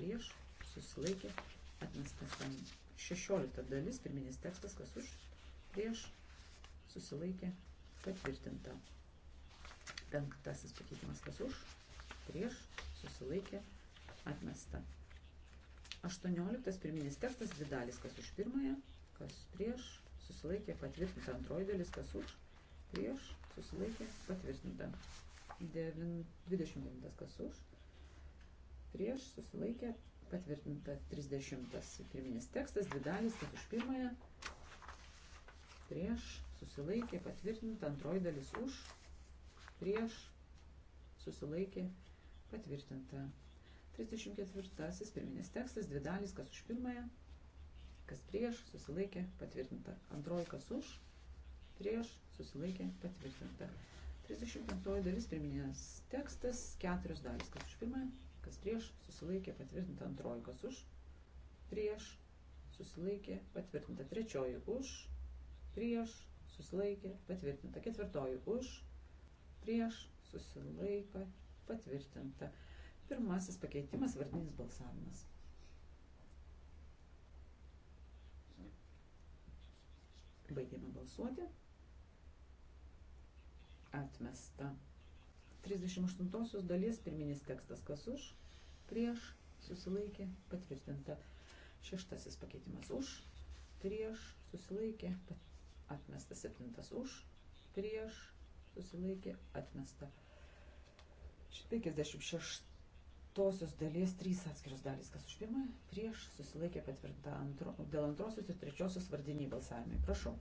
prieš, susilaikė, atmestas. 16 dalis, pirminis tekstas, kas už, prieš, susilaikė, patvirtinta. Penktasis pakeitimas, kas už, prieš, susilaikė, atmesta. 18 pirminis tekstas, dvi dalis, kas už pirmąją, kas prieš, susilaikė, patvirtinta. Antroji dalis, kas už, prieš, susilaikė, patvirtinta. 20 kas už, prieš susilaikė patvirtinta 30 pirminis tekstas, dvi dalis, kas už pirmąją, prieš susilaikė patvirtinta antroji dalis už, prieš susilaikė patvirtinta 34 pirminis tekstas, dvi dalis, kas už pirmąją, kas prieš susilaikė patvirtinta antroji, kas už, prieš susilaikė patvirtinta. 35 dalis pirminės tekstas, keturios dalis, kas už pirmąją, kas prieš, susilaikė patvirtinta antroji, kas už, prieš, susilaikė patvirtinta trečioji, už, prieš, susilaikė patvirtinta ketvirtoji, už, prieš, susilaiko patvirtinta. Pirmasis pakeitimas vardinis balsavimas. Baigiame balsuoti. Atmesta. 38 dalies pirminis tekstas, kas už, prieš, susilaikė, patvirtinta. Šeštasis pakeitimas už, prieš, susilaikė, atmesta. Septintas už, prieš, susilaikė, atmesta. 56 tosios dalies trys atskiros dalys, kas už pirmąją, prieš, susilaikė, patvirtinta antro, dėl antrosios ir trečiosios vardiniai balsavimai. Prašau.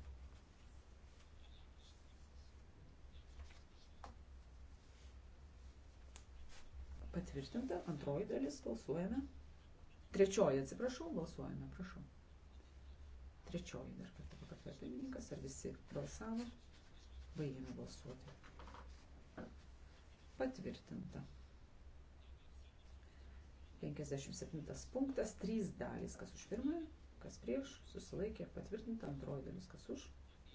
Patvirtinta. Antroji dalis. Balsuojame. Trečioji, atsiprašau, balsuojame, prašau. Trečioji dar kartą pakartoja pirmininkas. Ar visi balsavo? Baigėme balsuoti. Patvirtinta. 57 punktas, 3 dalys, kas už pirmąją, kas prieš, susilaikė, patvirtinta, antroji dalis, kas už,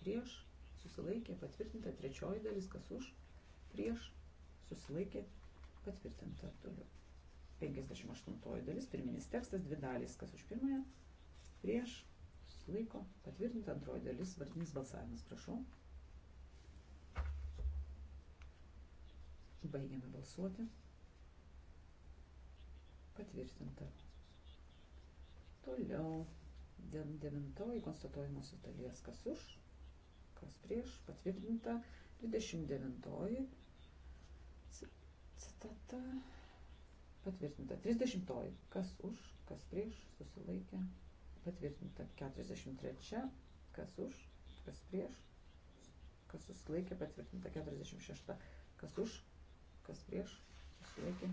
prieš, susilaikė, patvirtinta, trečioji dalis, kas už, prieš, susilaikė, Patvirtinta toliau. 58 dalis, pirminis tekstas, dvi dalys, kas už pirmąją, prieš, susilaiko, patvirtinta antroji dalis, vardinis balsavimas, prašau. Baigiame balsuoti. Patvirtinta. Toliau, devintoji konstatuojamosios dalies, kas už, kas prieš, patvirtinta, 29 citata patvirtinta. 30. Kas už, kas prieš, susilaikė. Patvirtinta. 43. Kas už, kas prieš, kas susilaikė. Patvirtinta. 46. Kas už, kas prieš, susilaikė.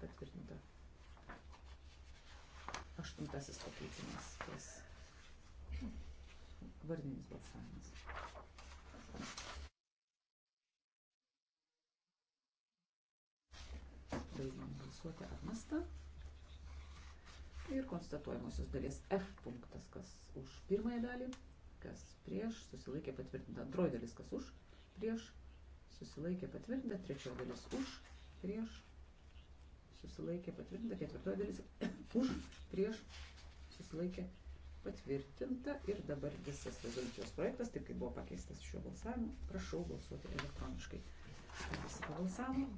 Patvirtinta. Aštuntasis pakeitimas. Kas? Vardinis balsavimas. Baigiame balsuoti atmestą. Ir konstatuojamosios dalies F punktas, kas už pirmąją dalį, kas prieš, susilaikė patvirtinta antroji dalis, kas už, prieš, susilaikė patvirtinta, trečioji dalis už, prieš, susilaikė patvirtinta, ketvirtoji dalis už, prieš, susilaikė patvirtinta. Ir dabar visas rezoliucijos projektas, taip kaip buvo pakeistas šiuo balsavimu, prašau balsuoti elektroniškai. Visi pabalsavo.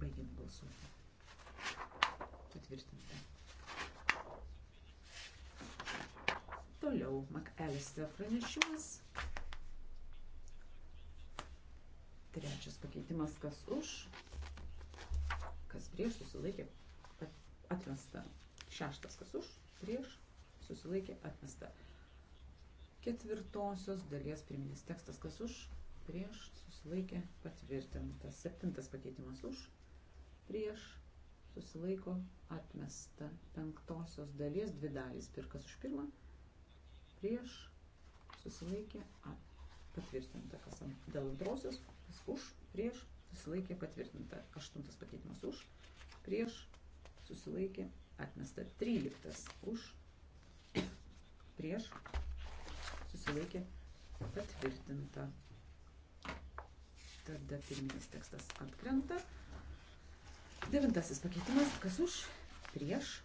Baigiame balsuoti. Patvirtinta. Toliau McAllister pranešimas. Trečias pakeitimas, kas už, kas prieš susilaikė atmesta. Šeštas, kas už, prieš susilaikė atmesta. Ketvirtosios dalies priminis tekstas, kas už, prieš susilaikė patvirtintas. Septintas pakeitimas už, prieš susilaiko atmesta penktosios dalies, dvi dalys, pirkas už pirmą, prieš susilaikė at, patvirtinta, kas ant, dėl antrosios, kas už, prieš susilaikė patvirtinta, aštuntas pakeitimas už, prieš susilaikė atmesta, tryliktas už, prieš susilaikė patvirtinta. Tada pirminis tekstas atkrenta. Devintasis pakeitimas. Kas už? Prieš.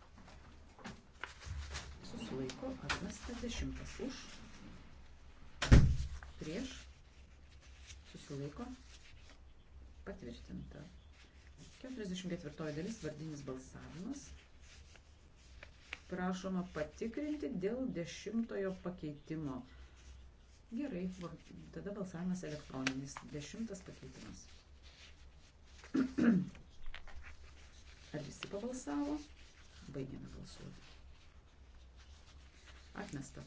Susilaiko. Atmestas. Dešimtas už. Prieš. Susilaiko. Patvirtinta. 44 dalis vardinis balsavimas. Prašoma patikrinti dėl dešimtojo pakeitimo. Gerai, va, tada balsavimas elektroninis. Dešimtas pakeitimas. Ar visi pabalsavo? Baigiame balsuoti. Atmesta.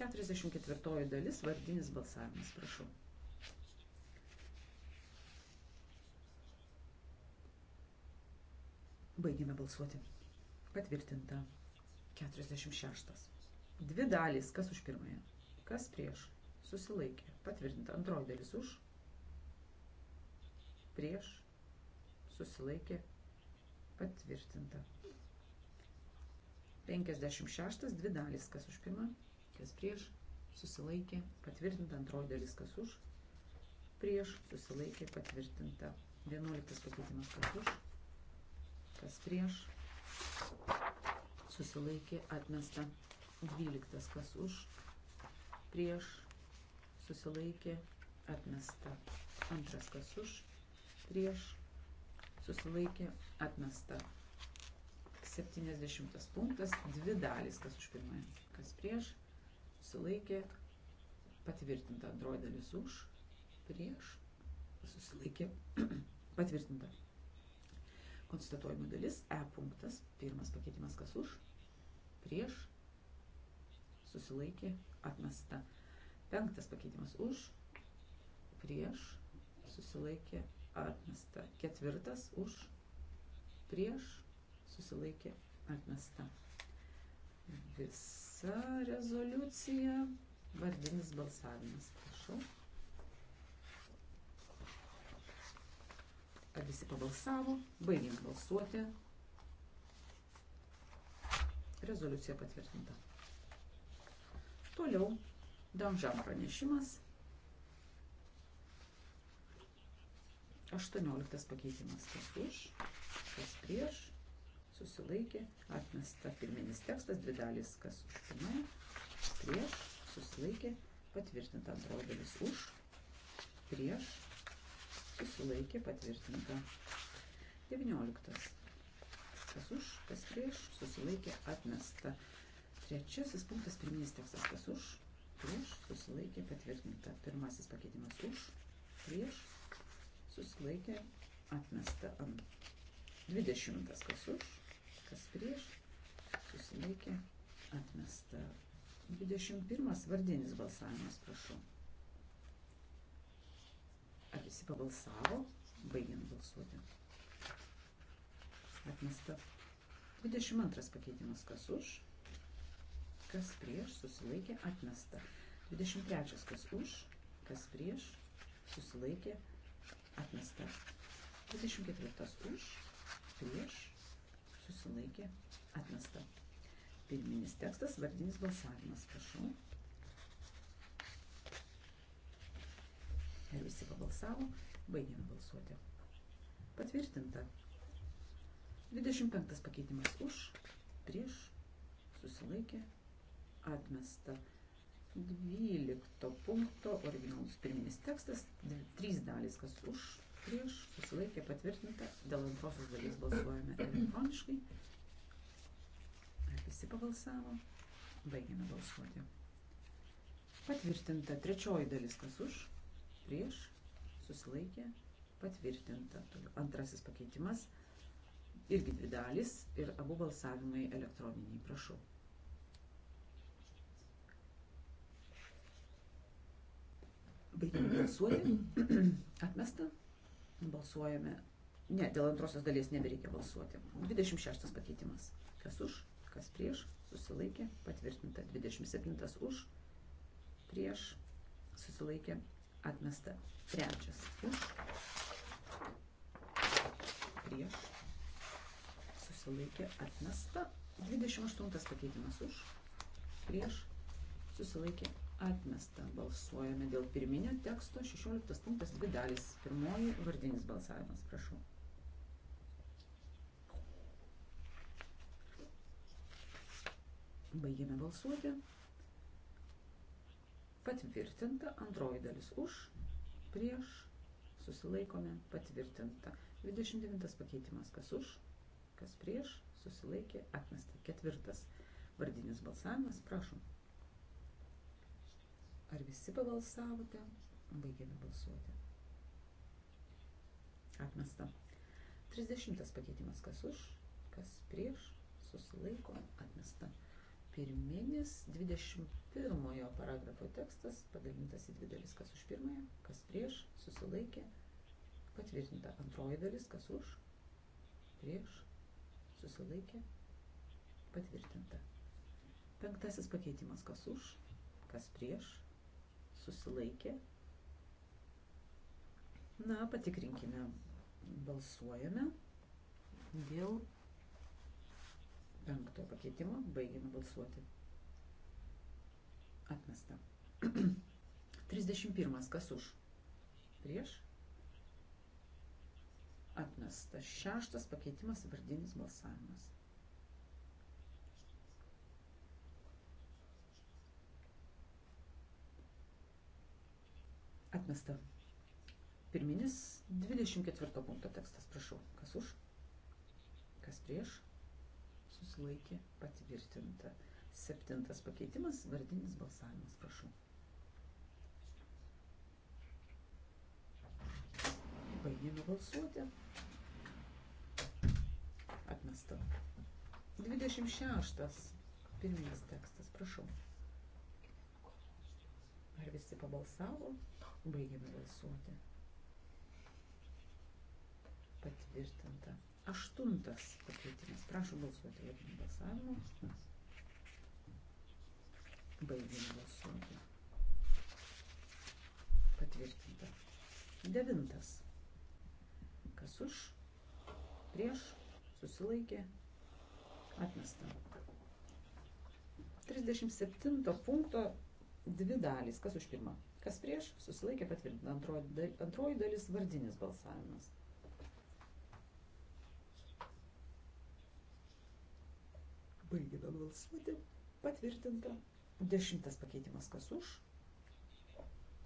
44 dalis, vardinis balsavimas, prašau. Baigiame balsuoti. Patvirtinta. 46. Dvi dalys, kas už pirmąją, kas prieš, susilaikė. Patvirtinta. Antroji dalis už, prieš, susilaikė, patvirtinta. 56, dvi dalys, kas už pirmą, kas prieš, susilaikė, patvirtinta antroji dalis, kas už, prieš, susilaikė, patvirtinta. 11 pakeitimas, kas už, kas prieš, susilaikė, atmesta. 12 kas už, prieš, susilaikė, atmesta. Antras kas už, prieš susilaikė atmesta. 70 punktas, dvi dalys, kas už pirmąją, kas prieš, susilaikė patvirtinta, antroji dalis už, prieš, susilaikė patvirtinta. Konstatuojimų dalis, E punktas, pirmas pakeitimas, kas už, prieš, susilaikė atmesta. Penktas pakeitimas už, prieš, susilaikė atmesta atmesta. Ketvirtas už, prieš, susilaikė, atmesta. Visa rezoliucija, vardinis balsavimas, prašau. Ar visi pabalsavo? Baigėm balsuoti. Rezoliucija patvirtinta. Toliau Danžan pranešimas. 18 pakeitimas. Kas už, kas prieš, susilaikė, atmesta pirminis tekstas, dvi dalys, kas už pirmąją, prieš, susilaikė, patvirtinta antroji dalis už, prieš, susilaikė, patvirtinta. 19. Kas už, kas prieš, susilaikė, atmesta. Trečiasis punktas, pirminis tekstas, kas už, prieš, susilaikė, patvirtinta. Pirmasis pakeitimas už, prieš, susilaikė atmesta ant 20 kas už, kas prieš, susilaikė atmesta 21 vardinis balsavimas, prašau. Ar visi pabalsavo, baigiant balsuoti? Atmesta 22 pakeitimas, kas už, kas prieš, susilaikė atmesta 23 kas už, kas prieš, susilaikė atmesta atmesta. 24 už, prieš, susilaikė, atmesta. Pirminis tekstas, vardinis balsavimas, prašau. Ir visi pabalsavo, baigėme balsuoti. Patvirtinta. 25 pakeitimas už, prieš, susilaikė, atmesta. 12 punkto originalus pirminis tekstas, trys dalys, kas už, prieš, susilaikė patvirtinta, dėl antrosios dalies balsuojame elektroniškai. Ar visi pabalsavo? Baigiame balsuoti. Patvirtinta trečioji dalis, kas už, prieš, susilaikė, patvirtinta. Antrasis pakeitimas, irgi dvi dalys ir abu balsavimai elektroniniai, prašau. Baigiame balsuoti. Atmesta. Balsuojame. Ne, dėl antrosios dalies nebereikia balsuoti. 26 pakeitimas. Kas už, kas prieš, susilaikė, patvirtinta. 27 už, prieš, susilaikė, atmesta. Trečias už, prieš, susilaikė, atmesta. 28 pakeitimas už, prieš, susilaikė, atmesta. Balsuojame dėl pirminio teksto 16 punktas 2 dalis. Pirmoji vardinis balsavimas, prašau. Baigėme balsuoti. Patvirtinta antroji dalis už, prieš, susilaikome, patvirtinta. 29 pakeitimas, kas už, kas prieš, susilaikė, atmesta. Ketvirtas vardinis balsavimas, prašom. Ar visi pabalsavote? Baigėme balsuoti. Atmesta. 30 pakeitimas kas už, kas prieš, susilaiko, atmesta. Pirminis 21 paragrafo tekstas padalintas į dvi dalis, kas už pirmąją, kas prieš, susilaikė, patvirtinta. Antroji dalis, kas už, prieš, susilaikė, patvirtinta. Penktasis pakeitimas, kas už, kas prieš, susilaikė. Na, patikrinkime, balsuojame dėl penktojo pakeitimo, baigėme balsuoti. Atmesta. 31. Kas už? Prieš? Atmesta. Šeštas pakeitimas vardinis balsavimas. Atmesta. Pirminis 24 punkto tekstas, prašau. Kas už? Kas prieš? Susilaikė patvirtinta. Septintas pakeitimas, vardinis balsavimas, prašau. Baigėme balsuoti. Atmesta. 26. Pirminis tekstas, prašau. Ar visi pabalsavo? Baigėme balsuoti. Patvirtinta. Aštuntas pakeitimas. Prašau balsuoti laikinį balsavimą. Baigėme balsuoti. Patvirtinta. Devintas. Kas už? Prieš? Susilaikė? Atmesta. 37 punkto dvi dalys. Kas už pirmą? Kas prieš? Susilaikė patvirtinta. Antroji, antroji dalis vardinis balsavimas. Baigėme balsuoti. Patvirtinta. Dešimtas pakeitimas. Kas už?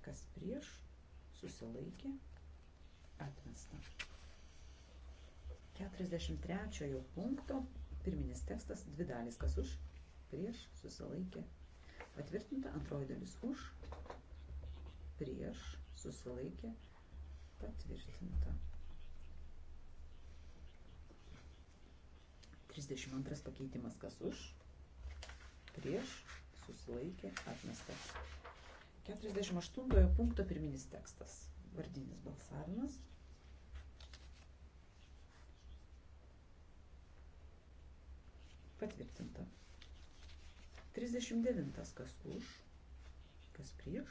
Kas prieš? Susilaikė. Atmesta. 43 punkto pirminis tekstas. Dvi dalys. Kas už? Prieš? Susilaikė. Atmesta Patvirtinta antroji dalis už, prieš, susilaikė, patvirtinta. 32 pakeitimas kas už, prieš, susilaikė, atmestas. 48 punkto pirminis tekstas. Vardinis balsavimas. Patvirtinta. 39. Kas už, kas prieš.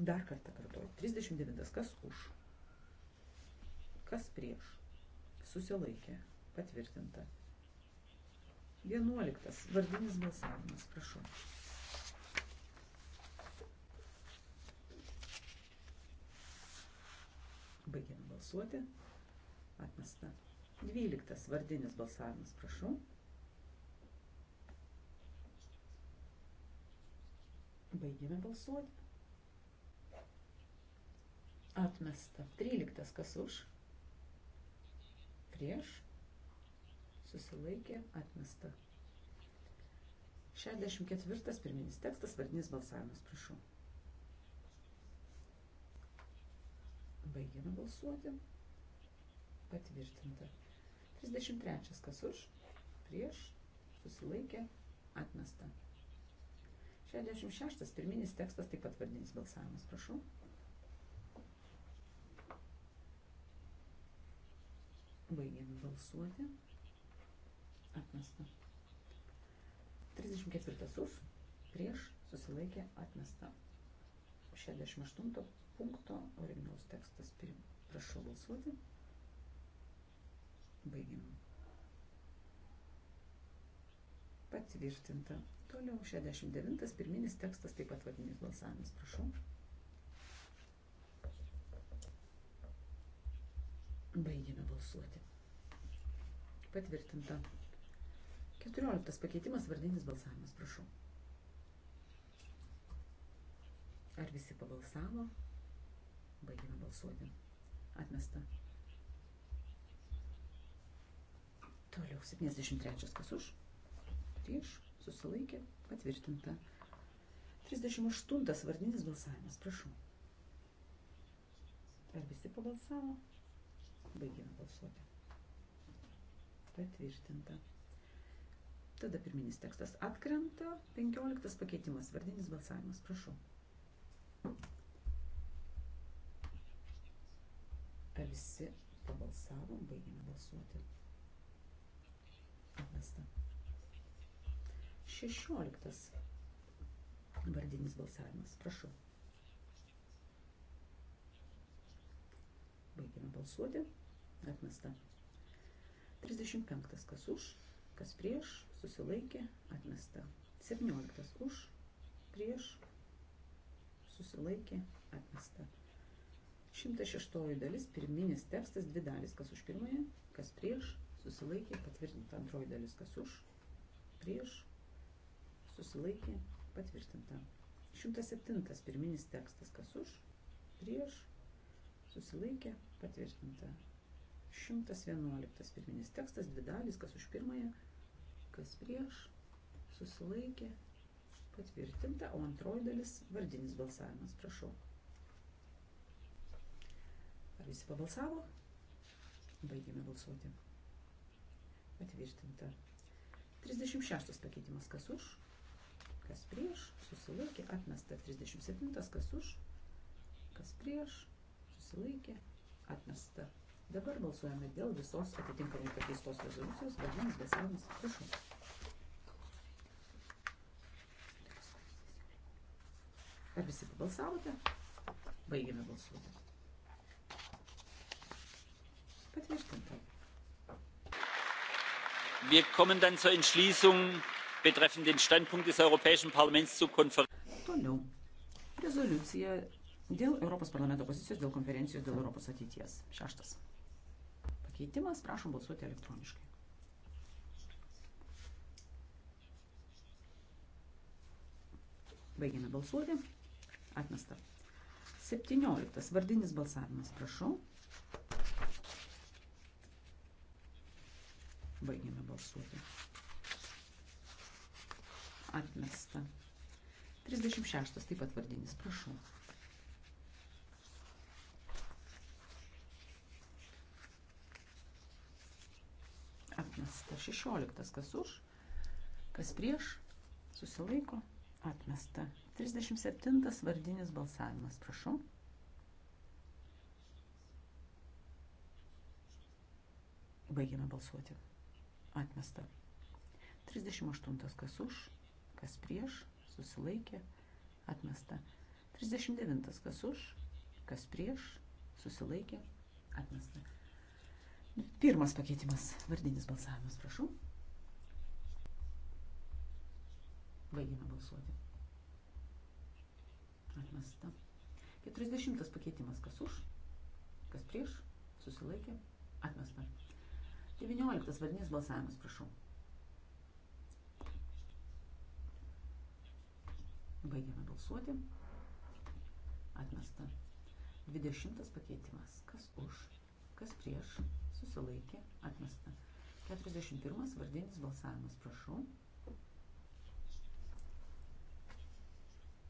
Dar kartą kartuoju. 39. Kas už, kas prieš. Susilaikė. Patvirtinta. 11. Vardinis balsavimas. Prašau. Baigiam balsuoti. Atmesta. Dvyliktas vardinis balsavimas, prašau. Baigėme balsuoti. Atmesta. Tryliktas kas už? Prieš. Susilaikė. Atmesta. 64 pirminis tekstas, vardinis balsavimas, prašau. Baigėme balsuoti. Patvirtinta. 33. Kas už? Prieš. Susilaikė. Atmesta. 66. Pirminis tekstas taip pat vardinis balsavimas. Prašau. Baigėme balsuoti. Atmesta. 34. Už. Prieš. Susilaikė. Atmesta. 68. Punkto originalus tekstas. Prašau balsuoti. Baigiam. Patvirtinta. Toliau 69. Pirminis tekstas, taip pat vadinis balsavimas. Prašau. Baigiame balsuoti. Patvirtinta. 14. Pakeitimas vardinis balsavimas. Prašau. Ar visi pabalsavo? Baigiame balsuoti. Atmesta. Toliau 73 kas už, prieš, susilaikė, patvirtinta. 38 vardinis balsavimas, prašau. Ar visi pabalsavo? Baigėme balsuoti. Patvirtinta. Tada pirminis tekstas atkrenta, 15 pakeitimas, vardinis balsavimas, prašau. Ar visi pabalsavo, baigėme balsuoti atmesta. 16. Vardinis balsavimas. Prašau. Baigime balsuoti. Atmesta. 35. Kas už, kas prieš, susilaikė, atmesta. 17. Už, prieš, susilaikė, atmesta. 106 dalis, pirminis tekstas, dvi dalis, kas už pirmąją, kas prieš, susilaikė, patvirtinta antroji dalis kas už, prieš, susilaikė, patvirtinta. 107 pirminis tekstas kas už, prieš, susilaikė, patvirtinta. 111 pirminis tekstas, dvi dalys, kas už pirmąją, kas prieš, susilaikė, patvirtinta, o antroji dalis vardinis balsavimas, prašau. Ar visi pabalsavo? Baigėme balsuoti. Patvirtinta. 36 pakeitimas kas už, kas prieš, susilaikė, atmesta. 37 kas už, kas prieš, susilaikė, atmesta. Dabar balsuojame dėl visos atitinkamai pakeistos rezoliucijos, vadinamas balsavimas, prašau. Ar visi pabalsavote? Baigėme balsuoti. Patvirtinta wir kommen dann zur entschließung betreffend den standpunkt des europäischen parlaments zur konferenz dėl Europos parlamento pozicijos, dėl konferencijos, dėl Europos ateities. Šeštas. Pakeitimas, prašom balsuoti elektroniškai. Baigiame balsuoti. Atmesta. 17. Vardinis balsavimas, prašau. Baigėme balsuoti. Atmesta. 36. Taip pat vardinis. Prašau. Atmesta. 16. Kas už? Kas prieš? Susilaiko. Atmesta. 37. Vardinis balsavimas. Prašau. Baigėme balsuoti. Atmesta. 38 kas už, kas prieš, susilaikė, atmesta. 39 kas už, kas prieš, susilaikė, atmesta. Pirmas pakeitimas, vardinis balsavimas, prašau. Baigime balsuoti. Atmesta. 40 pakeitimas, kas už, kas prieš, susilaikė, atmesta. 19 vardinis balsavimas, prašau. Baigiame balsuoti. Atmesta. 20 pakeitimas. Kas už? Kas prieš? Susilaikė. Atmesta. 41 vardinis balsavimas, prašau.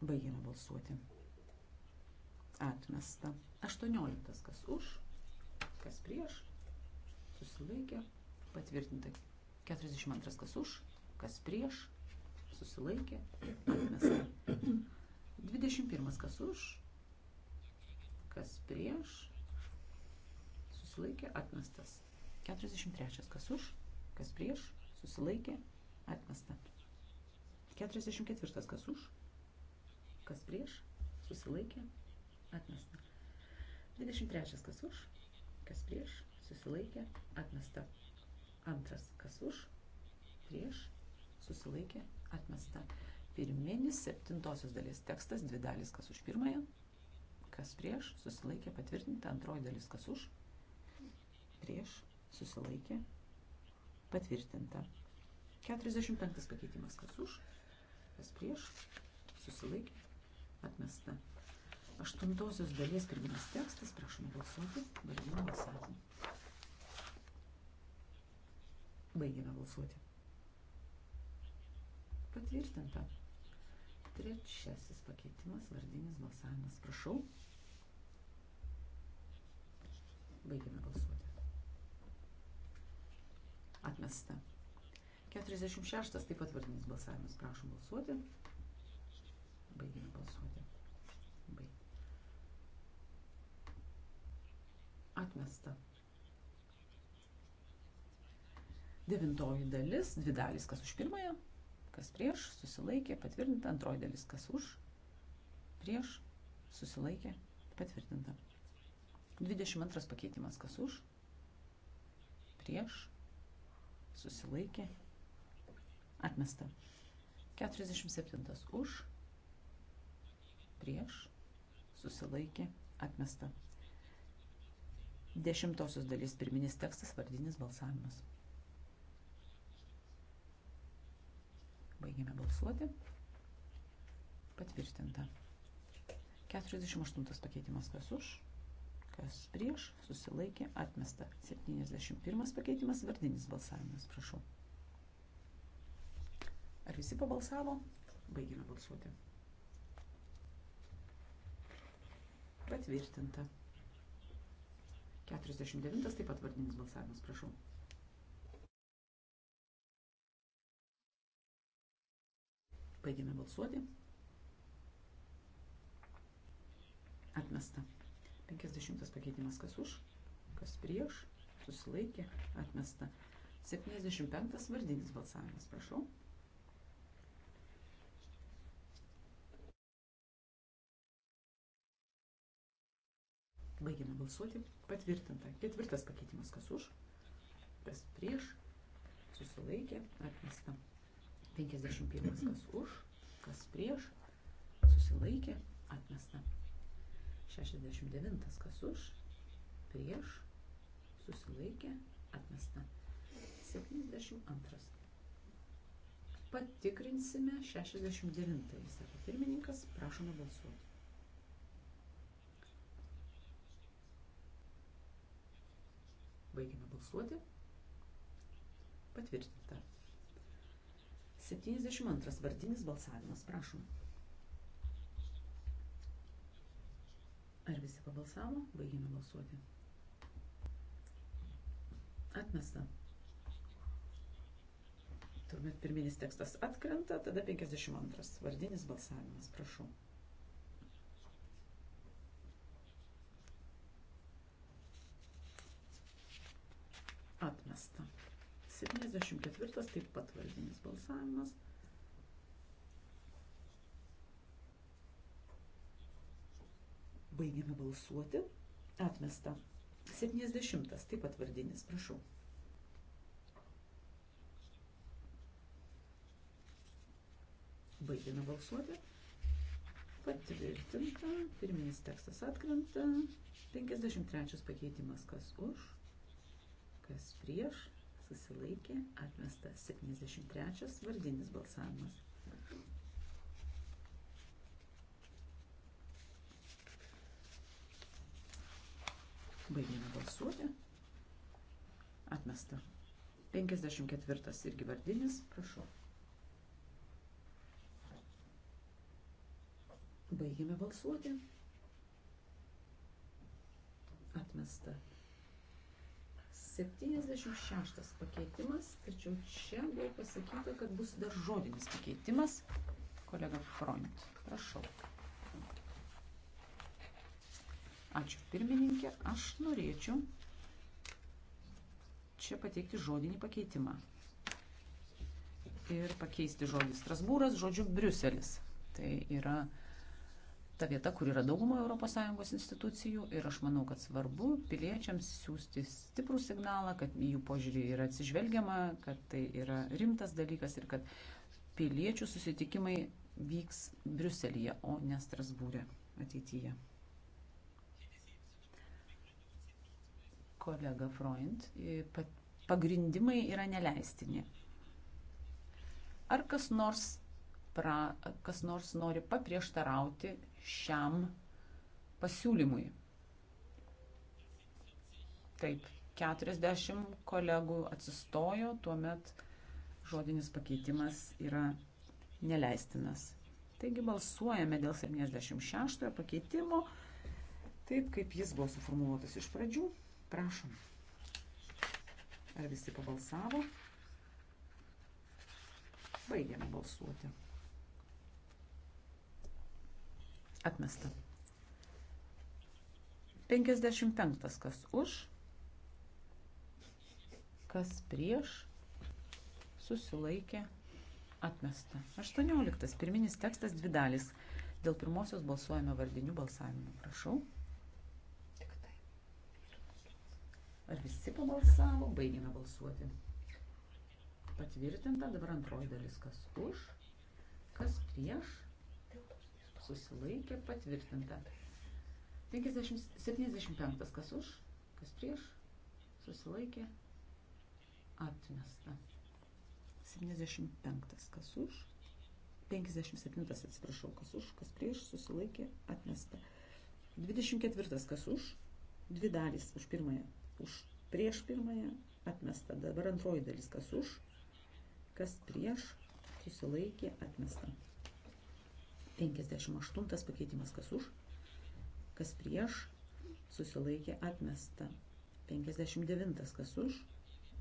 Baigiame balsuoti. Atmesta. 18. Kas už? Kas prieš? susilaikė, patvirtinta. 42 kas už, kas prieš, susilaikė, atmesta. 21 kas už, kas prieš, susilaikė, atmestas. 43 kas už, kas prieš, susilaikė, atmesta. 44 kas už, kas prieš, susilaikė, atmesta. 23 kas už, kas prieš, susilaikė, atmesta. Antras, kas už, prieš, susilaikė, atmesta. Pirminis septintosios dalies tekstas, dvi dalis, kas už pirmąją, kas prieš, susilaikė, patvirtinta. Antroji dalis, kas už, prieš, susilaikė, patvirtinta. 45 pakeitimas, kas už, kas prieš, susilaikė, atmesta. Aštuntosios dalies pirminis tekstas, prašome balsuoti, vardinį balsavimą. Baigėme balsuoti. Patvirtinta. Trečiasis pakeitimas, vardinis balsavimas. Prašau. Baigėme balsuoti. Atmesta. 46 taip pat vardinis balsavimas. Prašom balsuoti. Baigėme balsuoti. Devintoji dalis, dvi dalis, kas už pirmąją, kas prieš, susilaikė, patvirtinta. Antroji dalis, kas už, prieš, susilaikė, patvirtinta. 22 pakeitimas, kas už, prieš, susilaikė, atmesta. 47 už, prieš, susilaikė, atmesta. Dešimtosios dalies pirminis tekstas, vardinis balsavimas. Baigėme balsuoti. Patvirtinta. 48 pakeitimas kas už, kas prieš, susilaikė, atmesta. 71 pakeitimas, vardinis balsavimas, prašau. Ar visi pabalsavo? Baigėme balsuoti. Patvirtinta. 49 taip pat vardinis balsavimas, prašau. Baigėme balsuoti. Atmesta. 50 pakeitimas kas už, kas prieš, susilaikė, atmesta. 75 vardinis balsavimas, prašau. Baigėme balsuoti. Patvirtinta. Ketvirtas pakeitimas kas už, kas prieš, susilaikė, atmesta. 51 kas už, kas prieš, susilaikė, atmesta. 69 kas už, prieš, susilaikė, atmesta. 72. Patikrinsime 69, sako pirmininkas, prašome balsuoti. Baigime balsuoti. Patvirtinta. 72 vardinis balsavimas, prašom. Ar visi pabalsavo? Baigėme balsuoti. Atmesta. Turbūt pirminis tekstas atkrenta, tada 52 vardinis balsavimas, prašau. 74 taip pat vardinis balsavimas. Baigiame balsuoti. Atmesta. 70 taip pat vardinis, prašau. Baigiame balsuoti. Patvirtinta. Pirminis tekstas atkrenta. 53 pakeitimas kas už, kas prieš susilaikė, atmesta 73 vardinis balsavimas. Baigėme balsuoti. Atmesta. 54 irgi vardinis, prašau. Baigėme balsuoti. Atmesta septyniasdešimt šeštas pakeitimas, tačiau čia buvo pasakyta, kad bus dar žodinis pakeitimas. Kolega Front, prašau. Ačiū pirmininkė, aš norėčiau čia pateikti žodinį pakeitimą. Ir pakeisti žodį Strasbūras žodžiu Briuselis. Tai yra ta vieta, kur yra dauguma ES institucijų ir aš manau, kad svarbu piliečiams siūsti stiprų signalą, kad jų požiūrį yra atsižvelgiama, kad tai yra rimtas dalykas ir kad piliečių susitikimai vyks Briuselėje, o ne Strasbūrė ateityje. Kolega Freund, pagrindimai yra neleistini. Ar kas nors, pra, kas nors nori paprieštarauti šiam pasiūlymui. Taip, 40 kolegų atsistojo, tuomet žodinis pakeitimas yra neleistinas. Taigi balsuojame dėl 76 pakeitimo, taip kaip jis buvo suformuoluotas iš pradžių. Prašom. Ar visi pabalsavo? Baigiame balsuoti. Atmesta. 55. Kas už? Kas prieš? Susilaikė. Atmesta. 18. Pirminis tekstas dvi dalis. Dėl pirmosios balsuojame vardiniu balsavimu. Prašau. Tai. Ar visi pabalsavo? Baigėme balsuoti. Patvirtinta dabar antroji dalis. Kas už? Kas prieš? susilaikė patvirtinta. 50, 75 kas už, kas prieš, susilaikė atmesta. 75 kas už, 57 atsiprašau, kas už, kas prieš, susilaikė atmesta. 24 kas už, dvi dalys už pirmąją, už prieš pirmąją atmesta. Dabar antroji dalis kas už, kas prieš, susilaikė atmesta. 58 pakeitimas kas už, kas prieš, susilaikė atmesta. 59 kas už,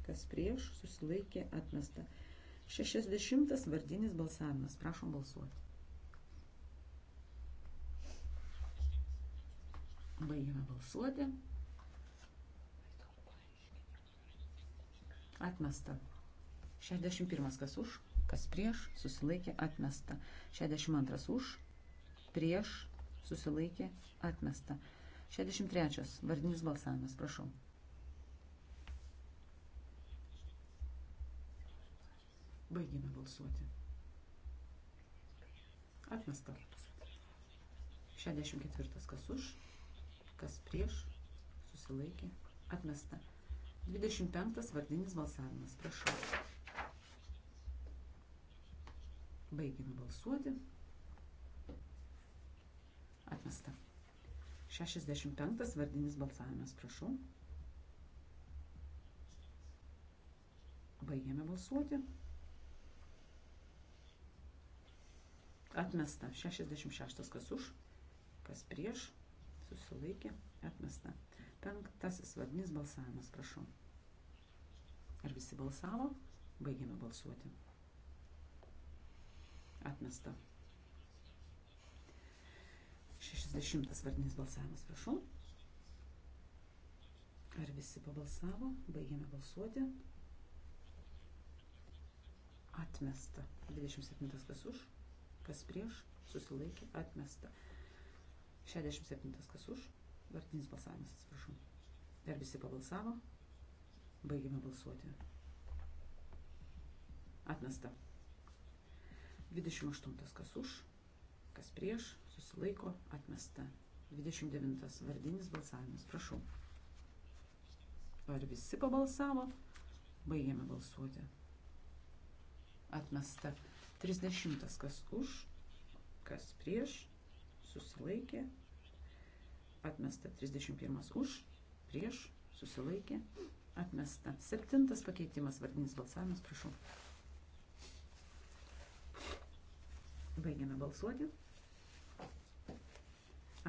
kas prieš, susilaikė atmesta. 60 vardinis balsavimas. Prašom balsuoti. Baigiame balsuoti. Atmesta. 61 kas už, kas prieš, susilaikė atmesta. 62 už, prieš, susilaikė atmesta. 63 vardinis balsavimas, prašau. Baigime balsuoti. Atmesta. 64 kas už, kas prieš, susilaikė atmesta. 25 vardinis balsavimas, prašau. Baigiam balsuoti. Atmesta. 65 vardinis balsavimas, prašau. Baigiame balsuoti. Atmesta. 66 kas už, kas prieš, susilaikė, atmesta. Penktasis vardinis balsavimas, prašau. Ar visi balsavo? Baigiame balsuoti atmesta. 60 vardinis balsavimas, prašau. Ar visi pabalsavo? Baigėme balsuoti. Atmesta. 27 kas už, kas prieš, susilaikė, atmesta. 67 kas už, vardinis balsavimas, atsiprašau. Ar visi pabalsavo? Baigėme balsuoti. Atmesta. 28 kas už, kas prieš, susilaiko, atmesta. 29 vardinis balsavimas, prašau. Ar visi pabalsavo? Baigėme balsuoti. Atmesta. 30 kas už, kas prieš, susilaikė. Atmesta. 31 už, prieš, susilaikė. Atmesta. Septintas pakeitimas, vardinis balsavimas, prašau. Baigiame balsuoti.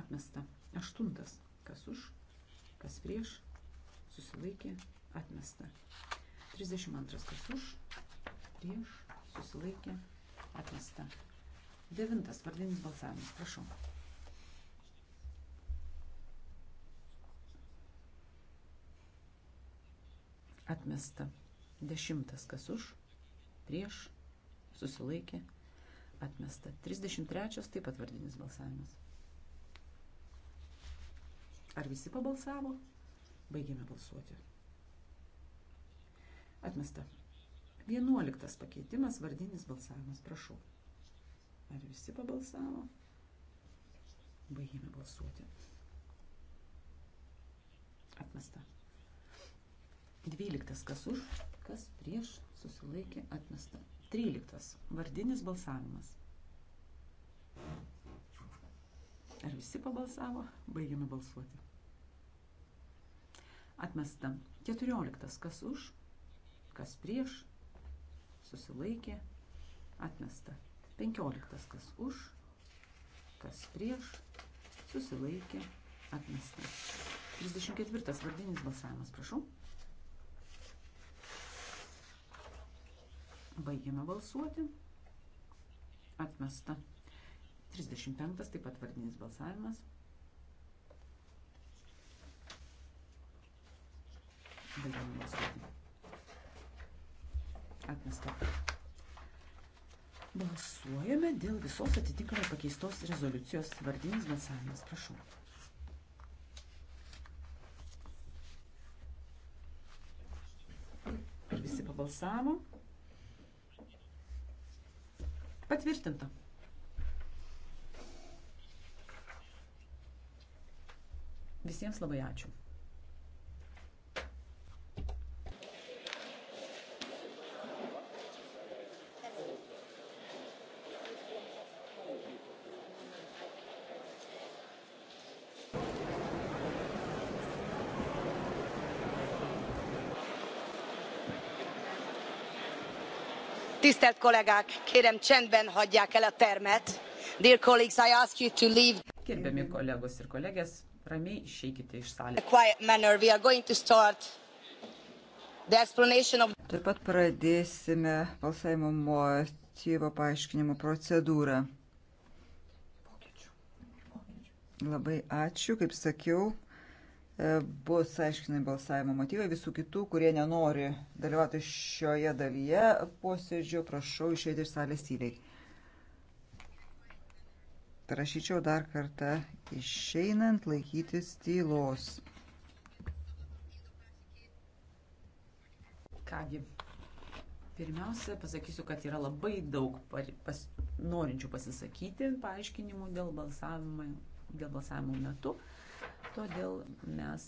Atmesta. Aštuntas. Kas už, kas prieš, susilaikė, atmesta. 32. Kas už, prieš, susilaikė, atmesta. Devintas. Vardinis balsavimas. Prašau. Atmesta. Dešimtas. Kas už, prieš, susilaikė, atmesta atmesta. 33 taip pat vardinis balsavimas. Ar visi pabalsavo? Baigėme balsuoti. Atmesta. 11 pakeitimas, vardinis balsavimas. Prašau. Ar visi pabalsavo? Baigėme balsuoti. Atmesta. 12. Kas už, kas prieš, susilaikė, atmesta. 13. Vardinis balsavimas. Ar visi pabalsavo? Baigiame balsuoti. Atmesta. 14. Kas už, kas prieš, susilaikė, atmesta. 15. Kas už, kas prieš, susilaikė, atmesta. 34. Vardinis balsavimas, prašau. Baigiame balsuoti. Atmesta. 35 taip pat vardinis balsavimas. Baigiame balsuoti. Atmesta. Balsuojame dėl visos atitinkamai pakeistos rezoliucijos vardinis balsavimas. Prašau. Ar visi pabalsavo? Patvirtinta. Visiems labai ačiū. tisztelt kollégák kérem csendben hagyják el a termet dear colleagues i ask you to leave gerbiami kolegos ir kolegės ramiai išeikite iš salės quiet manner we are going to start the explanation of taip pat pradėsime balsavimo motyvo paaiškinimo procedūrą labai ačiū kaip sakiau E, bus aiškinami balsavimo motyvai visų kitų, kurie nenori dalyvauti šioje dalyje posėdžio, prašau išėti iš salės tyliai. Prašyčiau dar kartą išeinant laikytis tylos. Kągi, pirmiausia, pasakysiu, kad yra labai daug pas, norinčių pasisakyti paaiškinimų dėl balsavimo, dėl balsavimo metu. Todėl mes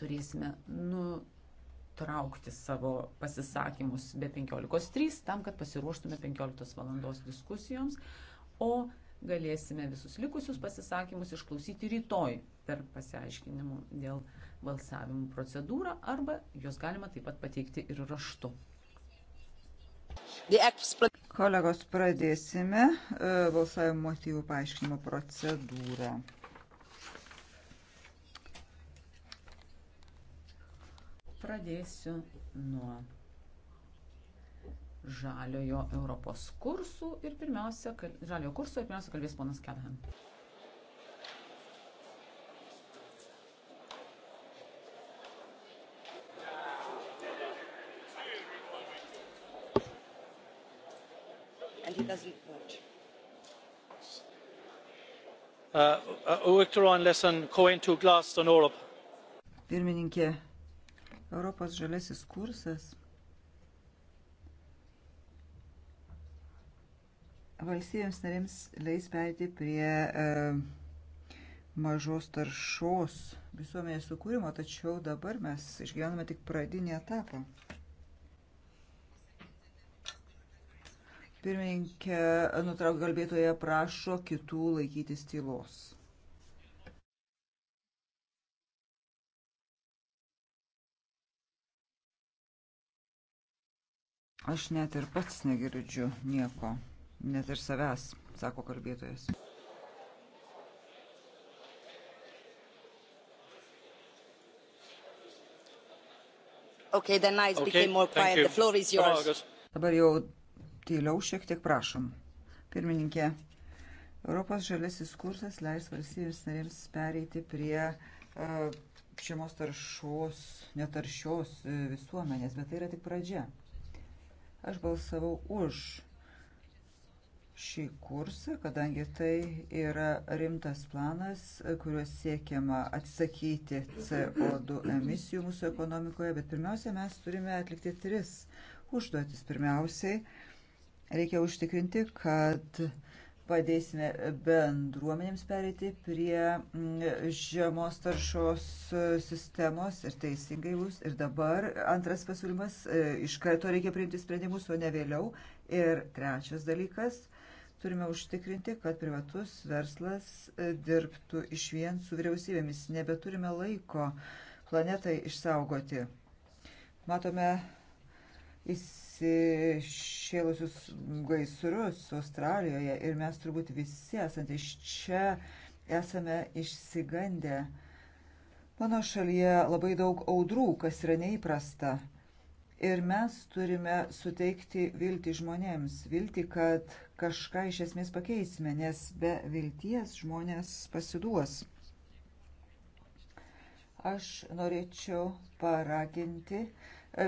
turėsime nutraukti savo pasisakymus be 15.3 tam, kad pasiruoštume 15 valandos diskusijoms, o galėsime visus likusius pasisakymus išklausyti rytoj per pasiaiškinimų dėl balsavimų procedūrą arba juos galima taip pat pateikti ir raštu. Kolegos, pradėsime e, balsavimo motyvų paaiškinimo procedūrą. Pradėsiu nuo žaliojo Europos kursų ir pirmiausia, žaliojo kurso ir pirmiausia kalbės ponas Kelham. Uh, uh, Pirmininkė, Europos žalesis kursas valstybėms narėms leis perėti prie e, mažos taršos visuomenės sukūrimo, tačiau dabar mes išgyvename tik pradinį etapą. Pirmininkė nutrauk galbėtoje prašo kitų laikytis tylos. Aš net ir pats negirdžiu nieko, net ir savęs, sako kalbėtojas. Okay, then I okay, became more quiet. You. The floor is yours. Dabar jau tyliau šiek tiek prašom. Pirmininkė, Europos žalesis kursas leis valstybėms narėms pereiti prie uh, e, šeimos taršos, netaršios e, visuomenės, bet tai yra tik pradžia. Aš balsavau už šį kursą, kadangi tai yra rimtas planas, kuriuo siekiama atsakyti CO2 emisijų mūsų ekonomikoje, bet pirmiausia, mes turime atlikti tris užduotis. Pirmiausiai, reikia užtikrinti, kad padėsime bendruomenėms perėti prie mm, žemos taršos e, sistemos ir teisingai bus. Ir dabar antras pasiūlymas, e, iš karto reikia priimti sprendimus, o ne vėliau. Ir trečias dalykas, turime užtikrinti, kad privatus verslas e, dirbtų iš vien su vyriausybėmis. Nebeturime laiko planetai išsaugoti. Matome įsišėlusius gaisrus Australijoje ir mes turbūt visi esant iš čia esame išsigandę. Mano šalyje labai daug audrų, kas yra neįprasta. Ir mes turime suteikti viltį žmonėms, viltį, kad kažką iš esmės pakeisime, nes be vilties žmonės pasiduos. Aš norėčiau paraginti uh,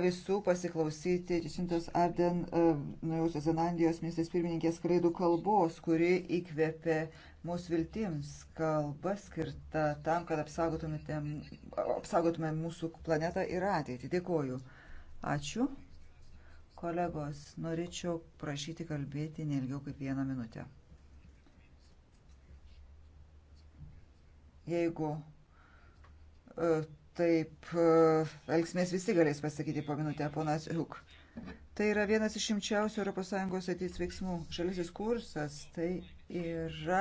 visų pasiklausyti Jacintos Arden, e, Naujosios Zelandijos ministrės pirmininkės kraidų kalbos, kuri įkvėpė mūsų viltims. Kalba skirta tam, kad apsaugotume mūsų planetą ir ateitį. Dėkoju. Ačiū. Kolegos, norėčiau prašyti kalbėti nelgiau kaip vieną minutę. Jeigu e, taip e, elgsimės visi galės pasakyti po minutę, ponas Huk. Tai yra vienas iš šimčiausių ES ateities veiksmų. Žalisis kursas tai yra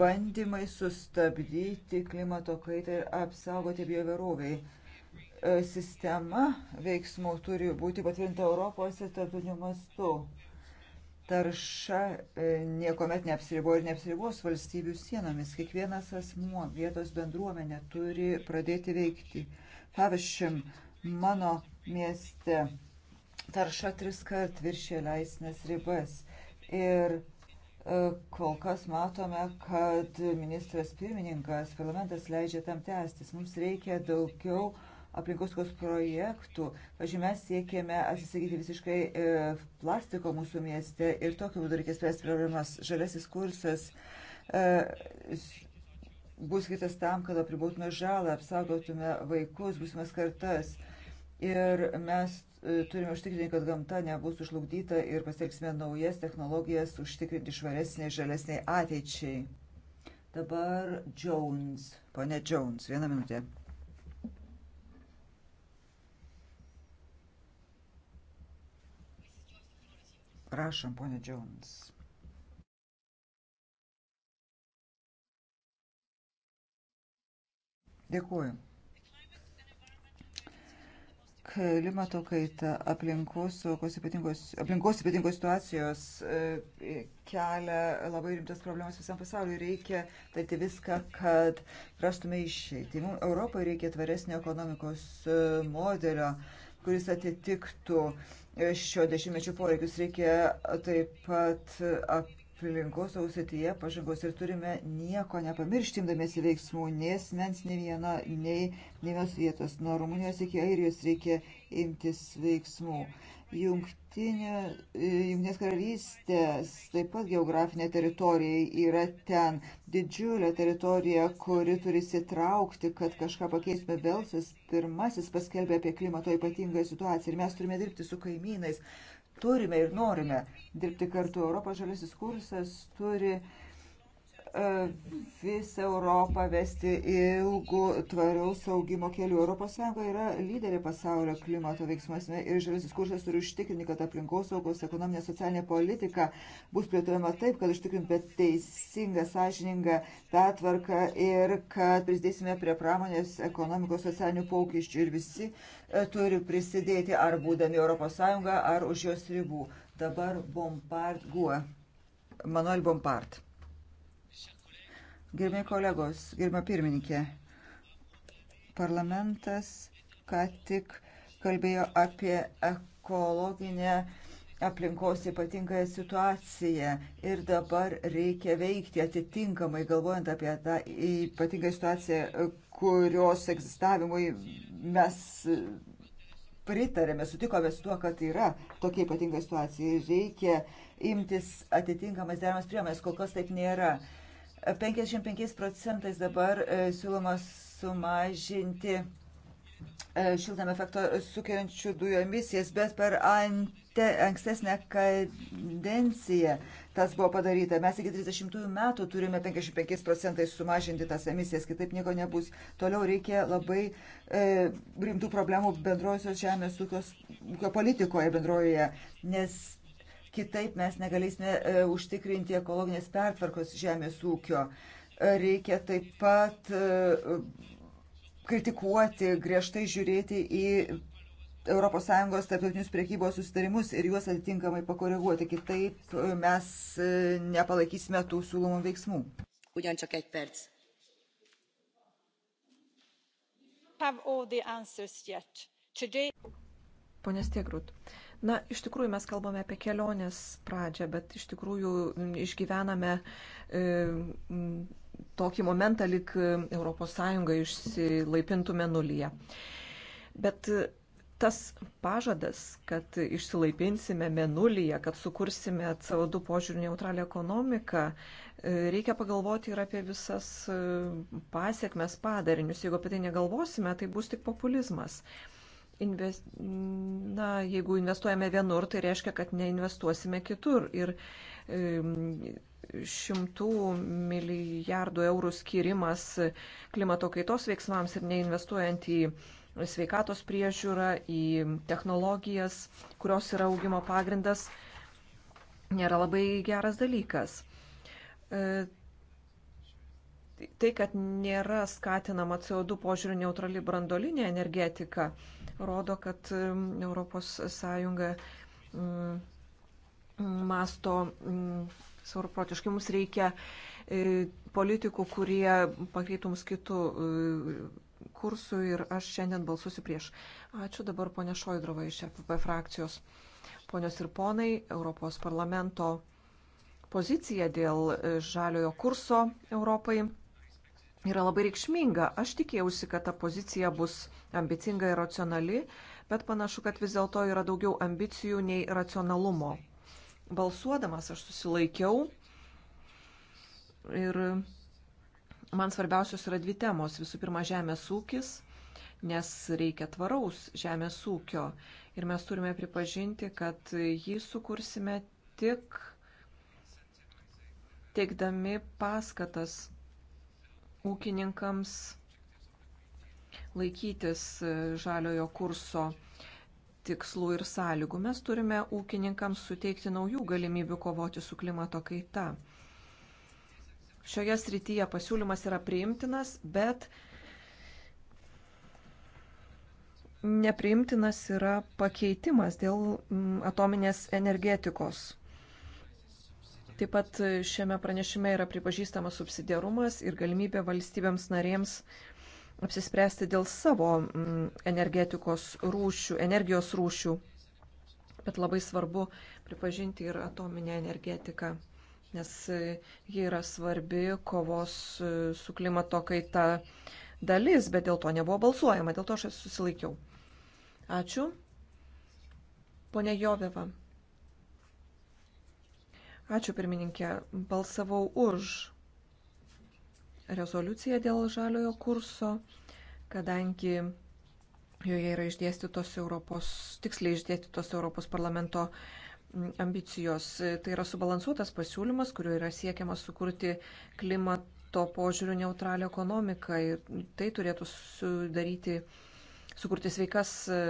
bandymai sustabdyti klimato kaitą ir apsaugoti bioveroviai. E, sistema veiksmų turi būti patvirtinta Europos ir tarptautiniu mastu tarša e, niekuomet neapsiribo ir neapsiribos valstybių sienomis. Kiekvienas asmuo, vietos bendruomenė turi pradėti veikti. Pavyzdžiui, mano mieste tarša tris kart viršė leisnės ribas. Ir e, kol kas matome, kad ministras pirmininkas, parlamentas leidžia tam tęstis. Mums reikia daugiau uh, aplinkoskos projektų. Pavyzdžiui, mes siekėme atsisakyti visiškai e, plastiko mūsų mieste ir tokiu būdu reikės spręsti problemas. Žalesis kursas e, bus skirtas tam, kad apribotume žalą, apsaugotume vaikus, būsimas kartas. Ir mes e, turime užtikrinti, kad gamta nebus užlugdyta ir pasieksime naujas technologijas užtikrinti švaresniai, žalesniai ateičiai. Dabar Jones, ponė Jones, vieną minutę. Prašom, ponė Jones. Dėkuoju. Klimato kaita, aplinkos ypatingos, aplinkos ypatingos situacijos e, kelia labai rimtas problemas visam pasauliu. Reikia daryti viską, kad rastume išeitį. Mums Europoje reikia tvaresnio ekonomikos e, modelio, kuris atitiktų uh, šio dešimtmečio poreikius. Reikia taip pat aplinkos ausityje pažangos ir turime nieko nepamiršti, imdamėsi veiksmų, nei asmens, nei viena, nei, nei vienos vietos. Nuo Rumunijos iki Airijos reikia imtis veiksmų. Jungtinė, e, Jungtinės karalystės taip pat geografinė teritorija yra ten didžiulė teritorija, kuri turi sitraukti, kad kažką pakeistume. Belsas pirmasis paskelbė apie klimato ypatingą situaciją ir mes turime dirbti su kaimynais. Turime ir norime dirbti kartu. Europos žaliasis kursas turi uh, E, visą Europą vesti ilgų tvaraus augimo kelių. ES yra lyderė pasaulio klimato veiksmuose ir žaliasis kursas turi užtikrinti, kad aplinkos saugos ekonominė socialinė politika bus plėtojama taip, kad užtikrintume teisingą, sąžiningą pertvarką ir kad prisidėsime prie pramonės, ekonomikos, socialinių pokyčių ir visi e, turi prisidėti ar būdami ES ar už jos ribų. Dabar Bompard Guo. Manuel Bompard. Gerbimi kolegos, gerbima pirmininkė, parlamentas ką tik kalbėjo apie ekologinę aplinkos ypatingąją situaciją ir dabar reikia veikti atitinkamai, galvojant apie tą ypatingą situaciją, kurios egzistavimui mes pritarėme, sutikome su tuo, kad yra tokia ypatinga situacija ir reikia imtis atitinkamas deramas priemonės, kol kas taip nėra. 55 procentais dabar e, siūloma sumažinti e, šiltame efekto sukeliančių dujų emisijas, bet per ante, ankstesnę kadenciją tas buvo padaryta. Mes iki 30 metų turime 55 procentais sumažinti tas emisijas, kitaip nieko nebus. Toliau reikia labai e, rimtų problemų bendrosios žemės ūkio politikoje bendrojoje, nes Kitaip mes negalėsime e, užtikrinti ekologinės pertvarkos žemės ūkio. E, reikia taip pat e, kritikuoti, griežtai žiūrėti į ES tarptautinius priekybos susitarimus ir juos atitinkamai pakoreguoti. Kitaip mes nepalaikysime tų siūlomų veiksmų. Ugyancsak egy perc. Have all the answers yet. Today... Pone Stiegrut, Na, iš tikrųjų mes kalbame apie kelionės pradžią, bet iš tikrųjų išgyvename e, tokį momentą, lik ES išsilaipintume nulyje. Bet e, tas pažadas, kad išsilaipinsime menulyje, kad sukursime CO2 požiūrį neutralią ekonomiką, e, reikia pagalvoti ir apie visas e, pasiekmes padarinius. Jeigu apie tai negalvosime, tai bus tik populizmas. E, invest... na, jeigu investuojame vienur, tai reiškia, kad neinvestuosime kitur. Ir šimtų milijardų eurų skirimas klimato kaitos veiksmams ir neinvestuojant į sveikatos priežiūrą, į technologijas, kurios yra augimo pagrindas, nėra labai geras dalykas e, tai, kad nėra skatinama CO2 požiūrių neutrali brandolinė energetika, rodo, kad um, ES um, masto um, svarprotiškai mums reikia e, politikų, kurie pakreiptų mus kitų e, kursų ir aš šiandien balsusiu prieš. Ačiū dabar ponė Šoidrova iš FP frakcijos. Ponios ir ponai, Europos parlamento pozicija dėl e, žaliojo kurso Europai yra labai reikšminga. Aš tikėjausi, kad ta pozicija bus ambicinga ir racionali, bet panašu, kad vis dėlto yra daugiau ambicijų nei racionalumo. Balsuodamas aš susilaikiau ir man svarbiausios yra dvi temos. Visų pirma, žemės ūkis, nes reikia tvaraus žemės ūkio ir mes turime pripažinti, kad jį sukursime tik teikdami paskatas ūkininkams laikytis e, žaliojo kurso tikslų ir sąlygų. Mes turime ūkininkams suteikti naujų galimybių kovoti su klimato kaita. Šioje srityje pasiūlymas yra priimtinas, bet nepriimtinas yra pakeitimas dėl atominės energetikos. Taip pat šiame pranešime yra pripažįstamas subsidiarumas ir galimybė valstybėms narėms uh, apsispręsti dėl savo mm, energetikos rūšių, energijos rūšių. Bet labai svarbu pripažinti ir atominę energetiką, nes e, ji yra svarbi kovos e, su klimato kaita dalis, bet dėl to nebuvo balsuojama, dėl to aš susilaikiau. Ačiū. Pone Joveva. Ačiū pirmininkė, balsavau už rezoliuciją dėl žaliojo kurso, kadangi joje yra išdėstytos Europos, tiksliai išdėstytos Europos parlamento ambicijos. Tai yra subalansuotas pasiūlymas, kuriuo yra siekiama sukurti klimato požiūrių neutralią ekonomiką ir tai turėtų sudaryti, sukurti sveikas e,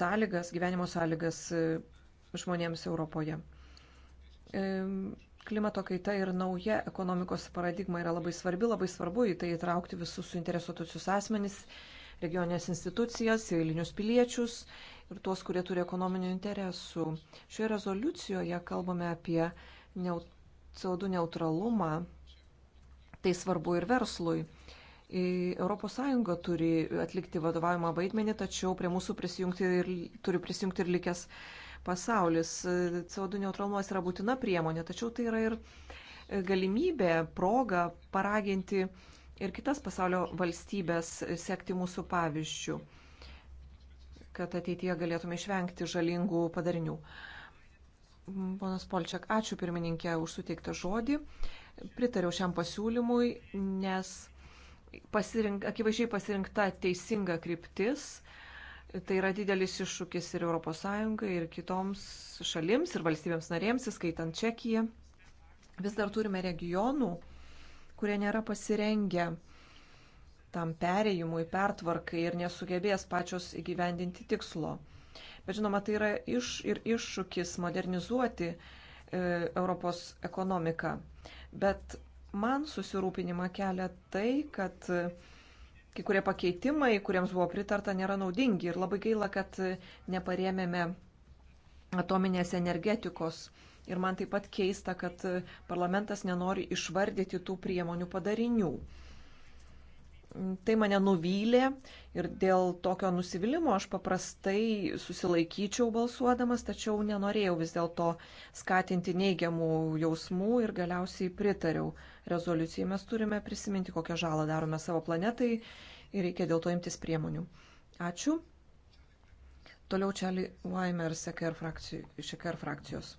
sąlygas, gyvenimo sąlygas e, žmonėms Europoje. Klimato kaita ir nauja ekonomikos paradigma yra labai svarbi, labai svarbu į tai įtraukti visus suinteresuotusius asmenys, regionės institucijas, eilinius piliečius ir tuos, kurie turi ekonominių interesų. Šioje rezoliucijoje kalbame apie CO2 neutralumą, tai svarbu ir verslui. ES turi atlikti vadovavimo vaidmenį, tačiau prie mūsų prisijungti ir, turi prisijungti ir likęs pasaulis. CO2 neutralumas yra būtina priemonė, tačiau tai yra ir galimybė, proga paraginti ir kitas pasaulio valstybės sekti mūsų pavyzdžių, kad ateityje galėtume išvengti žalingų padarinių. Ponas Polčiak, ačiū pirmininkė už suteiktą žodį. Pritariau šiam pasiūlymui, nes pasirink, akivaizdžiai pasirinkta teisinga kryptis. Tai yra didelis iššūkis ir ES, ir kitoms šalims, ir valstybėms narėms, įskaitant Čekiją. Vis dar turime regionų, kurie nėra pasirengę tam perėjimui, pertvarkai ir nesugebės pačios įgyvendinti tikslo. Bet žinoma, tai yra iš, ir iššūkis modernizuoti e, Europos ekonomiką. Bet man susirūpinimą kelia tai, kad e, kai kurie pakeitimai, kuriems buvo pritarta, nėra naudingi ir labai gaila, kad neparėmėme atominės energetikos. Ir man taip pat keista, kad parlamentas nenori išvardyti tų priemonių padarinių tai mane nuvylė ir dėl tokio nusivylimo aš paprastai susilaikyčiau balsuodamas, tačiau nenorėjau vis dėlto skatinti neigiamų jausmų ir galiausiai pritariau rezoliucijai. Mes turime prisiminti, kokią žalą darome savo planetai ir reikia dėl to imtis priemonių. Ačiū. Toliau Čeli Weimer, SKR frakcijos.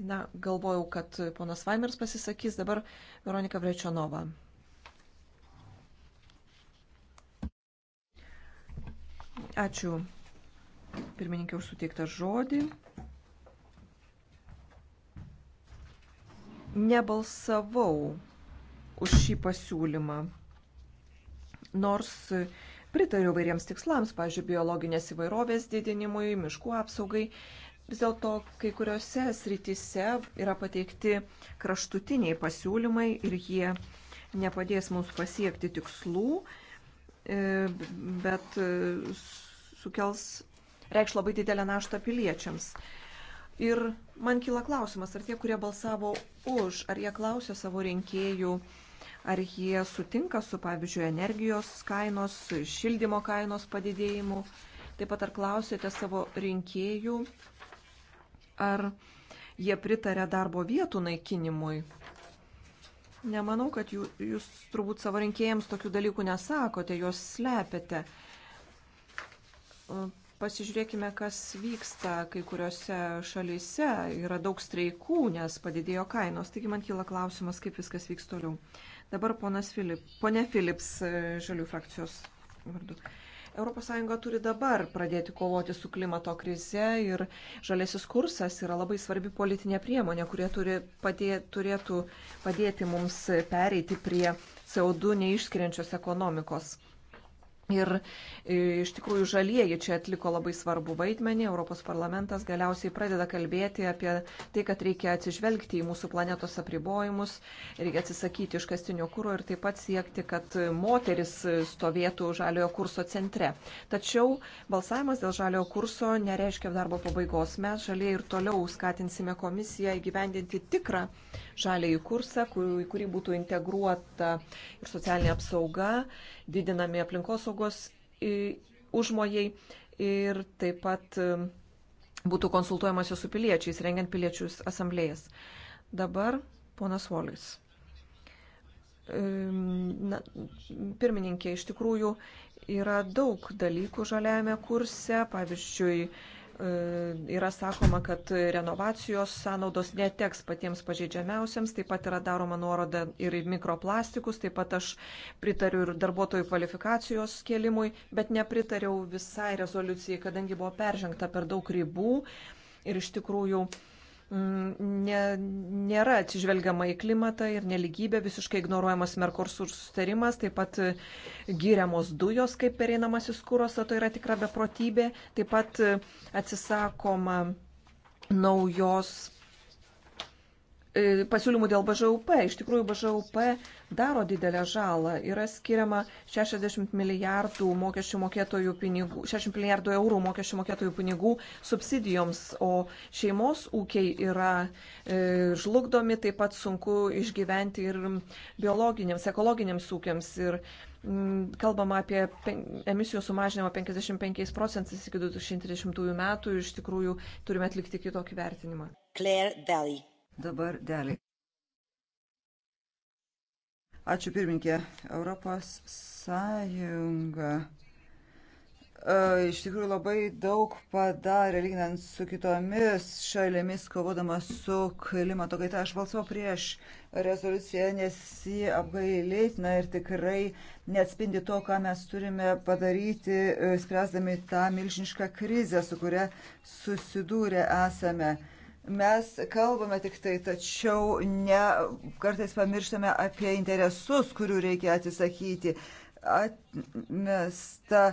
Na, galvojau, kad ponas Vaimers pasisakys, dabar Veronika Vrečionova. Ačiū pirmininkė už suteiktą žodį. Nebalsavau už šį pasiūlymą, nors pritariu vairiems tikslams, pažiūrėjau, biologinės įvairovės didinimui, miškų apsaugai, Vis dėlto kai kuriuose srityse yra pateikti kraštutiniai pasiūlymai ir jie nepadės mums pasiekti tikslų, e, bet e, sukels, reikš labai didelę naštą piliečiams. Ir man kyla klausimas, ar tie, kurie balsavo už, ar jie klausė savo rinkėjų, ar jie sutinka su, pavyzdžiui, energijos kainos, šildymo kainos padidėjimu. Taip pat ar klausėte savo rinkėjų, ar jie pritarė darbo vietų naikinimui. Nemanau, kad jų, jūs turbūt savo rinkėjams tokių dalykų nesakote, juos slepiate. Pasižiūrėkime, kas vyksta kai kuriuose šalyse. Yra daug streikų, nes padidėjo kainos. Taigi man kyla klausimas, kaip viskas vyks toliau. Dabar ponas Filip, ponė Filips, e, žalių frakcijos vardu. Uh, ES turi dabar pradėti kovoti su klimato krize ir žalėsis kursas yra labai svarbi politinė priemonė, kurie turi padė, turėtų padėti mums pereiti prie CO2 neišskiriančios ekonomikos. Ir e, iš tikrųjų žalieji čia atliko labai svarbu vaidmenį. Europos parlamentas galiausiai pradeda kalbėti apie tai, kad reikia atsižvelgti į mūsų planetos apribojimus, reikia atsisakyti iškastinio kūro ir taip pat siekti, kad moteris stovėtų žaliojo kurso centre. Tačiau balsavimas dėl žaliojo kurso nereiškia darbo pabaigos. Mes žalieji ir toliau skatinsime komisiją įgyvendinti tikrą žaliai kursą, kur, į kurį būtų integruota ir socialinė apsauga, didinami aplinkosaugos užmojai ir taip pat e, būtų konsultuojamasi su piliečiais, rengiant piliečius asamblėjas. Dabar ponas Volis. E, na, pirmininkė, iš tikrųjų yra daug dalykų žaliajame kurse, pavyzdžiui, E, yra sakoma, kad renovacijos sąnaudos neteks patiems pažeidžiamiausiams, taip pat yra daroma nuoroda ir į mikroplastikus, taip pat aš pritariu ir darbuotojų kvalifikacijos kėlimui, bet nepritariau visai rezoliucijai, kadangi buvo peržengta per daug ribų ir iš tikrųjų Mm, ne, nėra atsižvelgiama į klimatą ir neligybę, visiškai ignoruojamas Merkursur sustarimas, taip pat e, gyriamos dujos kaip pereinamasis kūros, o tai yra tikra beprotybė, taip pat e, atsisakoma naujos E, pasiūlymų dėl BŽUP. Iš tikrųjų, BŽUP daro didelę žalą. Yra skiriama 60 milijardų, mokesčių mokėtojų pinigų, 60 milijardų eurų mokesčių mokėtojų pinigų subsidijoms, o šeimos ūkiai yra e, žlugdomi, taip pat sunku išgyventi ir biologiniams, ekologiniams ūkiams. Ir, mm, kalbama apie emisijų sumažinimą 55 procentais iki 2030 metų ir iš tikrųjų turime atlikti kitokį vertinimą. Claire Valley. Dabar deliai. Ačiū pirminkė. Europos Sąjunga e, iš tikrųjų labai daug padarė, lyginant su kitomis šalimis, kovodama su klimato kaita. Aš balsavau prieš rezoliuciją, nes ji apgailėtina ir tikrai neatspindi to, ką mes turime padaryti, e, spręsdami tą milžinišką krizę, su kuria susidūrę esame. Mes kalbame tik tai, tačiau ne, kartais pamirštame apie interesus, kurių reikia atsisakyti. Atmesta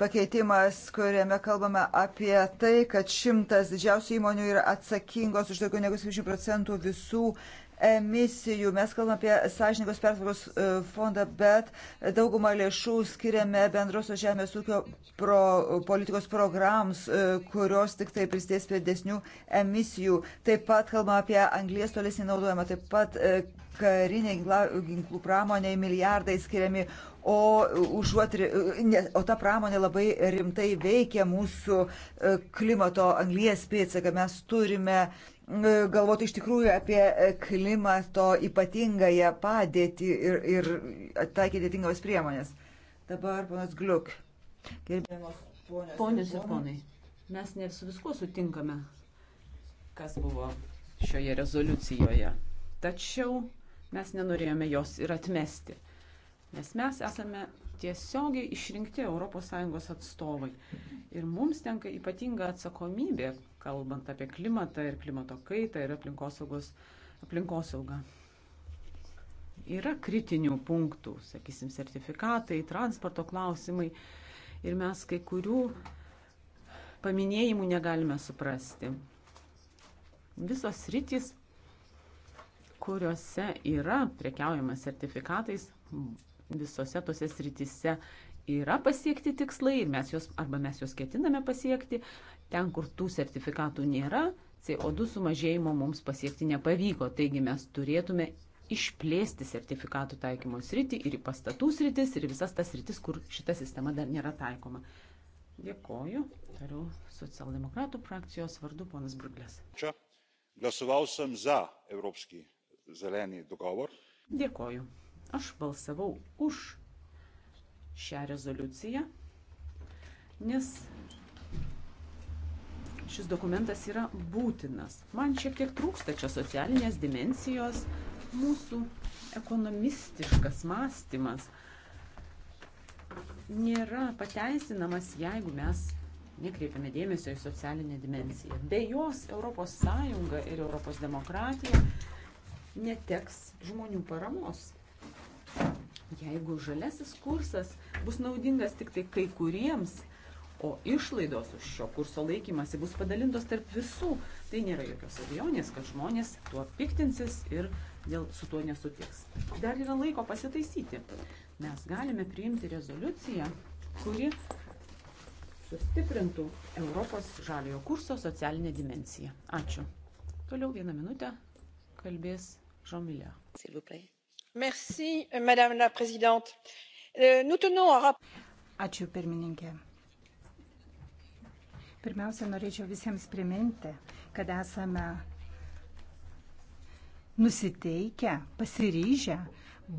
pakeitimas, kuriame kalbame apie tai, kad šimtas didžiausių įmonių yra atsakingos už daugiau negu 70 procentų visų emisijų. Mes kalbame apie sąžininkos pertvarkos e, fondą, bet daugumą lėšų skiriame bendrosios žemės ūkio pro, politikos programs, e, kurios tik tai pristės prie desnių emisijų. Taip pat kalbame apie anglies tolesnį naudojimą, taip pat e, kariniai ginklų pramoniai milijardai skiriami, o, užuot, ne, o ta pramonė labai rimtai veikia mūsų klimato anglies pėdsaką. Mes turime galvoti iš tikrųjų apie klimato ypatingąją padėtį ir, ir taikyti tinkamas priemonės. Dabar ponas Gliuk. Gerbiamos ponios. Ponios ir ponai, mes ne su viskuo sutinkame, kas buvo šioje rezoliucijoje. Tačiau mes nenorėjome jos ir atmesti. Nes mes esame tiesiogiai išrinkti ES atstovai. Ir mums tenka ypatinga atsakomybė kalbant apie klimatą ir klimato kaitą ir aplinkosaugos aplinkosaugą. Yra kritinių punktų, sakysim, sertifikatai, transporto klausimai ir mes kai kurių paminėjimų negalime suprasti. Visos rytis, kuriuose yra prekiaujama sertifikatais, visose tose sritise yra pasiekti tikslai ir mes juos arba mes juos ketiname pasiekti, Ten, kur tų sertifikatų nėra, CO2 sumažėjimo mums pasiekti nepavyko, taigi mes turėtume išplėsti sertifikatų taikymo sritį ir į pastatų sritis ir visas tas sritis, kur šita sistema dar nėra taikoma. Dėkoju. Tariau socialdemokratų frakcijos vardu ponas Bruglės. Čia glasovausim za Europskį zelenį dogovor. Dėkoju. Aš balsavau už šią rezoliuciją, nes šis dokumentas yra būtinas. Man šiek tiek trūksta čia socialinės dimensijos, mūsų ekonomistiškas mąstymas nėra pateisinamas, jeigu mes nekreipiame dėmesio į socialinę dimensiją. Be jos ES ir Europos demokratija neteks žmonių paramos. Jeigu žalesis kursas bus naudingas tik tai kai kuriems, o išlaidos už šio kurso laikymasi bus padalintos tarp visų. Tai nėra jokios abejonės, kad žmonės tuo piktinsis ir dėl su tuo nesutiks. Dar yra laiko pasitaisyti. Mes galime priimti rezoliuciją, kuri sustiprintų Europos žaliojo kurso socialinę dimensiją. Ačiū. Toliau vieną minutę kalbės Jean Miller. Merci, Madame la Présidente. Euh, nous tenons à rappeler. Ačiū pirmininkė. Pirmiausia, norėčiau visiems priminti, kad esame nusiteikę, pasiryžę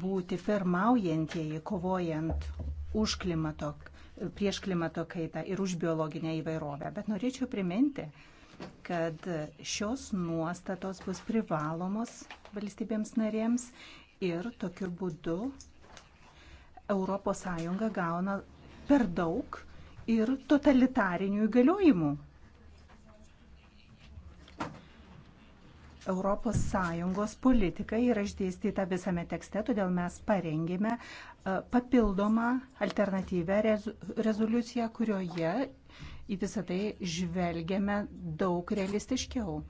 būti pirmaujantieji, kovojant už klimato, prieš klimato kaitą ir už biologinę įvairovę. Bet norėčiau priminti, kad šios nuostatos bus privalomos valstybėms narėms ir tokiu būdu ES gauna per daug ir totalitarinių įgaliojimų. ES politika yra išdėstyta visame tekste, todėl mes parengėme e, papildomą alternatyvę rezoliuciją, kurioje į visą tai žvelgiame daug realistiškiau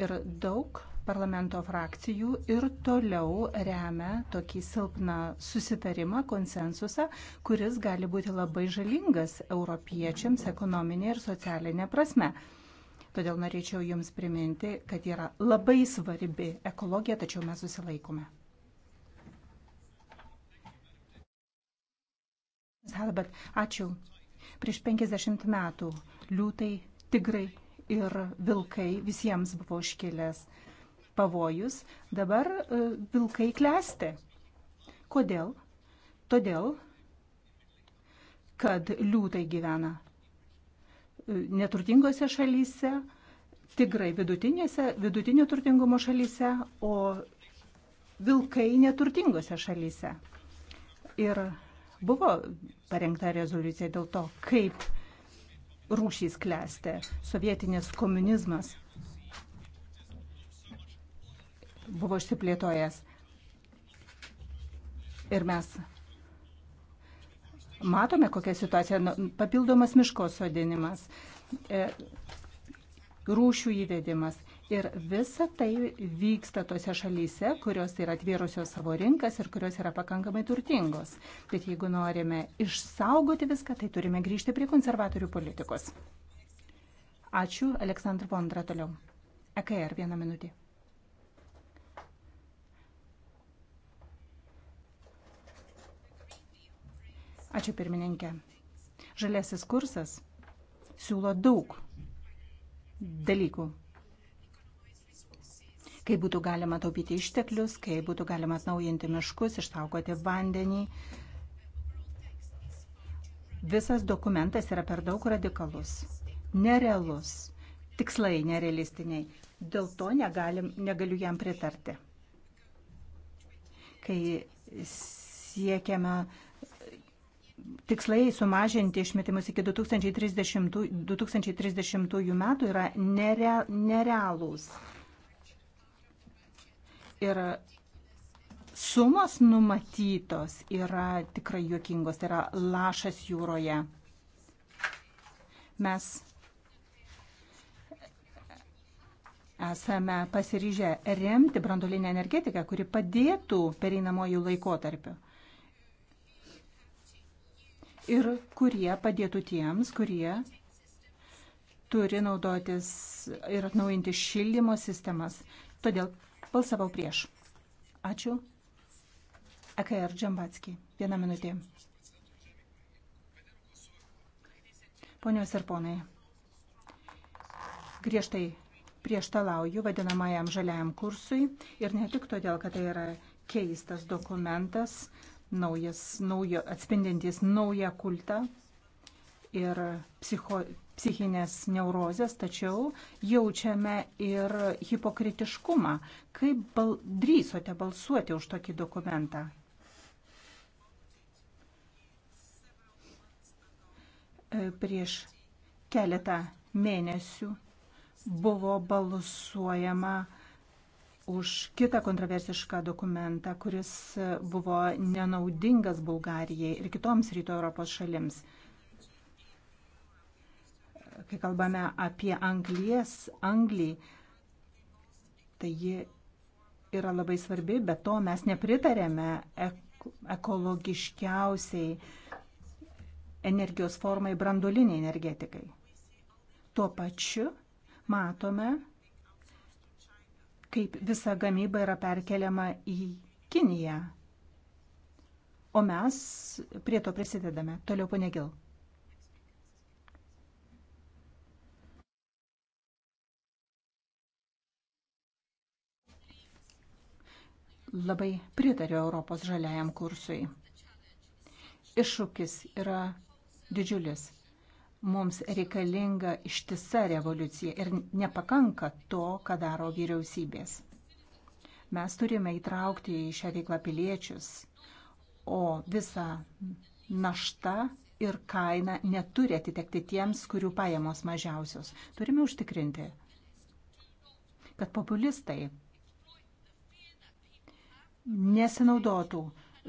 ir daug parlamento frakcijų ir toliau remia tokį silpną susitarimą, konsensusą, kuris gali būti labai žalingas europiečiams ekonominė ir socialinė prasme. Todėl norėčiau Jums priminti, kad yra labai svarbi ekologija, tačiau mes susilaikome. Halbert, ačiū. Prieš 50 metų liūtai, tigrai ir vilkai visiems buvo iškilęs pavojus, dabar e, vilkai klesti. Kodėl? Todėl, kad liūtai gyvena e, neturtingose šalyse, tigrai vidutinėse, vidutinio turtingumo šalyse, o vilkai neturtingose šalyse. Ir buvo parengta rezoliucija dėl to, kaip rūšys klesti sovietinis komunizmas – buvo išsiplėtojęs. Ir mes matome, kokia situacija. Nu, papildomas miško sodinimas, e, rūšių įvedimas. Ir visa tai vyksta tose šalyse, kurios yra atvėrusios savo rinkas ir kurios yra pakankamai turtingos. Bet jeigu norime išsaugoti viską, tai turime grįžti prie konservatorių politikos. Ačiū, Aleksandr Vondra toliau. EKR vieną minutį. Ačiū pirmininkė. Žalėsis kursas siūlo daug dalykų. Kaip būtų galima taupyti išteklius, kaip būtų galima atnaujinti miškus, ištaukoti vandenį. Visas dokumentas yra per daug radikalus, nerealus, tikslai nerealistiniai. Dėl to negalim, negaliu jam pritarti. Kai siekiame uh, tikslai sumažinti išmetimus iki 2030, 2030 metų yra nere, nerealūs. Ir sumos numatytos yra tikrai juokingos, tai yra lašas jūroje. Mes esame pasiryžę remti brandolinę energetiką, kuri padėtų pereinamojų laikotarpiu ir kurie padėtų tiems, kurie turi naudotis ir atnaujinti šildymo sistemas. Todėl balsavau prieš. Ačiū. E AKR er Džambatski. Viena minutė. Ponios ir ponai, griežtai prieštalauju vadinamajam žaliajam kursui ir ne tik todėl, kad tai yra keistas dokumentas, naujas, naujo, atspindintys naują kultą ir psicho, psichinės neurozės, tačiau jaučiame ir hipokritiškumą. Kaip bal, drįsote balsuoti už tokį dokumentą? E, prieš keletą mėnesių buvo balsuojama už kitą kontroversišką dokumentą, kuris buvo nenaudingas Bulgarijai ir kitoms rytų Europos šalims. Kai kalbame apie anglies, anglį, tai ji yra labai svarbi, bet to mes nepritarėme ekologiškiausiai energijos formai brandoliniai energetikai. Tuo pačiu matome, kaip visa gamyba yra perkeliama į Kiniją. O mes prie to prisidedame. Toliau ponegil. Labai pritariu Europos žaliajam kursui. Iššūkis yra didžiulis. Mums reikalinga ištisa revoliucija ir nepakanka to, ką daro vyriausybės. Mes turime įtraukti į šią veiklą piliečius, o visa našta ir kaina neturi atitekti tiems, kurių pajamos mažiausios. Turime užtikrinti, kad populistai nesinaudotų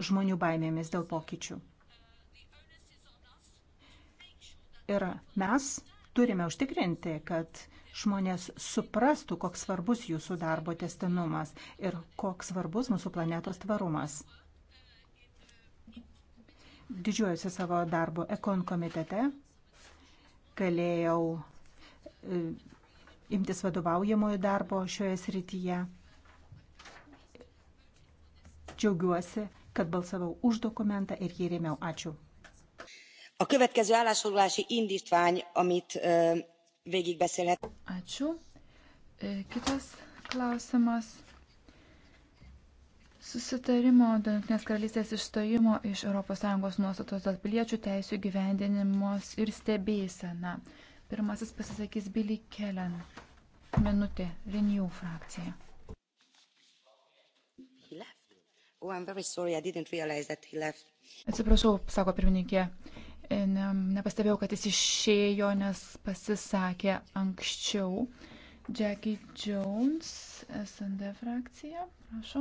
žmonių baimėmis dėl pokyčių. Ir mes turime užtikrinti, kad žmonės suprastų, koks svarbus jūsų darbo testinumas ir koks svarbus mūsų planetos tvarumas. Didžiuojuosi savo darbo ekon komitete, galėjau e, imtis vadovaujamojo darbo šioje srityje. Džiaugiuosi, kad balsavau už dokumentą ir jį rėmiau. Ačiū a következő állásfoglalási indtvány amit végigbeszélhet. ačiū. Kitas klausimas. Susitarimo dėl Junktinės karalystės išstojimo iš ES nuostatos dėl piliečių teisų gyvendinimos ir stebėsena. Pirmasis pasisakys Billy Kellen. Minutė. Renew frakcija. Oh, sorry, Atsiprašau, sako pirmininkė ne, nepastebėjau, kad jis išėjo, nes pasisakė anksčiau. Jackie Jones, SND frakcija, prašom.